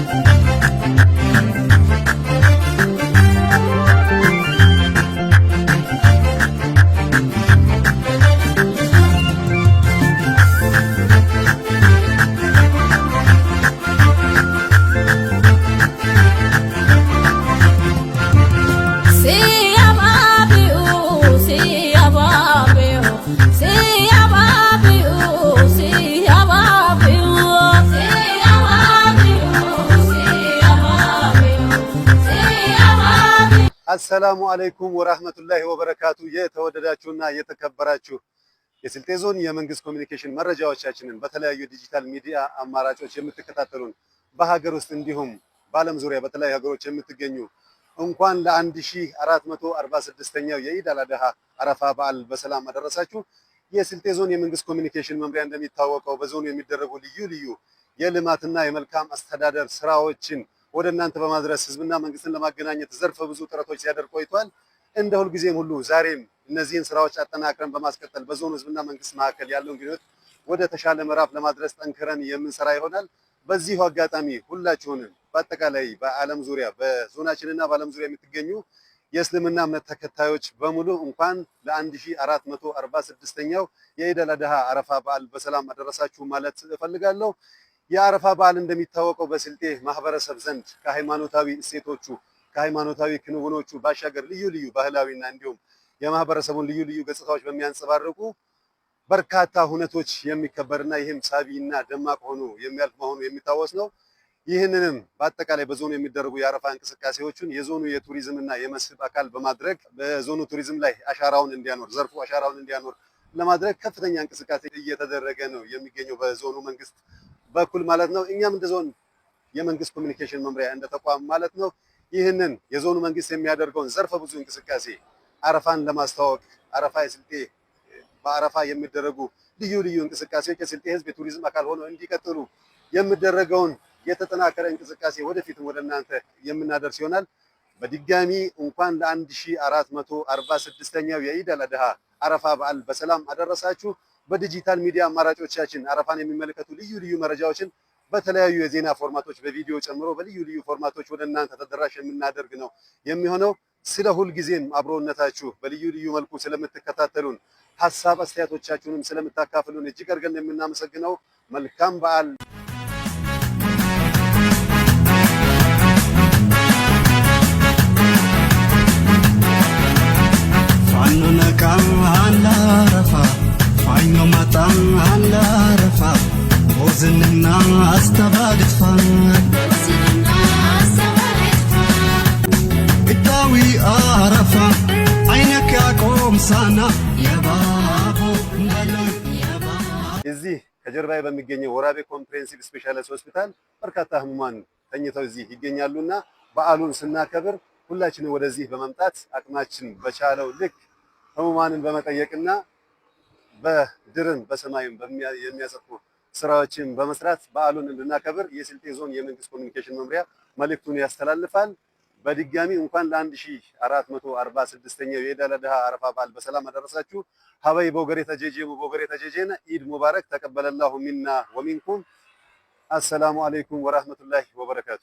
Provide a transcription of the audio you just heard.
Thank you. አሰላሙ አለይኩም ወራህመቱላሂ ወበረካቱ። የተወደዳችሁና የተከበራችሁ የስልጤ ዞን የመንግስት ኮሚኒኬሽን መረጃዎቻችንን በተለያዩ ዲጂታል ሚዲያ አማራጮች የምትከታተሉን በሀገር ውስጥ እንዲሁም በዓለም ዙሪያ በተለያዩ ሀገሮች የምትገኙ እንኳን ለ1446ኛው የኢድ አልአድሃ አረፋ በዓል በሰላም አደረሳችሁ። የስልጤ ዞን የመንግስት ኮሚኒኬሽን መምሪያ እንደሚታወቀው በዞኑ የሚደረጉ ልዩ ልዩ የልማትና የመልካም አስተዳደር ስራዎችን ወደ እናንተ በማድረስ ህዝብና መንግስትን ለማገናኘት ዘርፈ ብዙ ጥረቶች ሲያደርግ ቆይቷል። እንደ ሁልጊዜም ሁሉ ዛሬም እነዚህን ስራዎች አጠናክረን በማስቀጠል በዞኑ ህዝብና መንግስት መካከል ያለውን ግንኙነት ወደ ተሻለ ምዕራፍ ለማድረስ ጠንክረን የምንሰራ ይሆናል። በዚሁ አጋጣሚ ሁላችሁንም በአጠቃላይ በዓለም ዙሪያ በዞናችንና በዓለም ዙሪያ የምትገኙ የእስልምና እምነት ተከታዮች በሙሉ እንኳን ለ1446ኛው የኢድ አል አድሃ አረፋ በዓል በሰላም አደረሳችሁ ማለት እፈልጋለሁ። የአረፋ በዓል እንደሚታወቀው በስልጤ ማህበረሰብ ዘንድ ከሃይማኖታዊ እሴቶቹ ከሃይማኖታዊ ክንውኖቹ ባሻገር ልዩ ልዩ ባህላዊና እንዲሁም የማህበረሰቡን ልዩ ልዩ ገጽታዎች በሚያንጸባርቁ በርካታ ሁነቶች የሚከበርና ይህም ሳቢና ደማቅ ሆኖ የሚያልፍ መሆኑ የሚታወስ ነው። ይህንንም በአጠቃላይ በዞኑ የሚደረጉ የአረፋ እንቅስቃሴዎችን የዞኑ የቱሪዝምና የመስህብ አካል በማድረግ በዞኑ ቱሪዝም ላይ አሻራውን እንዲያኖር ዘርፉ አሻራውን እንዲያኖር ለማድረግ ከፍተኛ እንቅስቃሴ እየተደረገ ነው የሚገኘው በዞኑ መንግስት በኩል ማለት ነው። እኛም እንደ ዞን የመንግስት ኮሚኒኬሽን መምሪያ እንደ ተቋም ማለት ነው ይህንን የዞኑ መንግስት የሚያደርገውን ዘርፈ ብዙ እንቅስቃሴ አረፋን ለማስተዋወቅ አረፋ የስልጤ በአረፋ የሚደረጉ ልዩ ልዩ እንቅስቃሴዎች የስልጤ ህዝብ የቱሪዝም አካል ሆነው እንዲቀጥሉ የሚደረገውን የተጠናከረ እንቅስቃሴ ወደፊትም ወደ እናንተ የምናደርስ ይሆናል። በድጋሚ እንኳን ለአንድ ሺ አራት መቶ አርባ ስድስተኛው የኢድ አል አድሃ አረፋ በዓል በሰላም አደረሳችሁ። በዲጂታል ሚዲያ አማራጮቻችን አረፋን የሚመለከቱ ልዩ ልዩ መረጃዎችን በተለያዩ የዜና ፎርማቶች በቪዲዮ ጨምሮ በልዩ ልዩ ፎርማቶች ወደ እናንተ ተደራሽ የምናደርግ ነው የሚሆነው። ስለ ሁልጊዜም አብሮነታችሁ በልዩ ልዩ መልኩ ስለምትከታተሉን ሀሳብ አስተያየቶቻችሁንም ስለምታካፍሉን እጅግ አድርገን የምናመሰግነው። መልካም በዓል አለ አረፋ ሞዝንና አስተባግፋ ግዳዊ አረፋ አይነክ ያቆም ሳና የባቦ እዚህ ከጀርባዬ በሚገኘው ወራቤ ኮምፕሬሄንሲቭ ስፔሻላይዝ ሆስፒታል በርካታ ህሙማን ተኝተው እዚህ ይገኛሉና በዓሉን ስናከብር ሁላችንም ወደዚህ በመምጣት አቅማችን በቻለው ልክ ህሙማንን በመጠየቅና በድርን በሰማይም የሚያሰፉ ስራዎችን በመስራት በዓሉን እንድናከብር የስልጤ ዞን የመንግስት ኮሚኒኬሽን መምሪያ መልእክቱን ያስተላልፋል። በድጋሚ እንኳን ለ1446ኛው የኢድ አል አድሃ አረፋ በዓል በሰላም አደረሳችሁ። ሀበይ ቦገሬ ተጀጀሙ ቦገሬ ተጀጀነ ኢድ ሙባረክ ተቀበለላሁ ሚና ወሚንኩም። አሰላሙ አለይኩም ወራህመቱላሂ ወበረካቱ።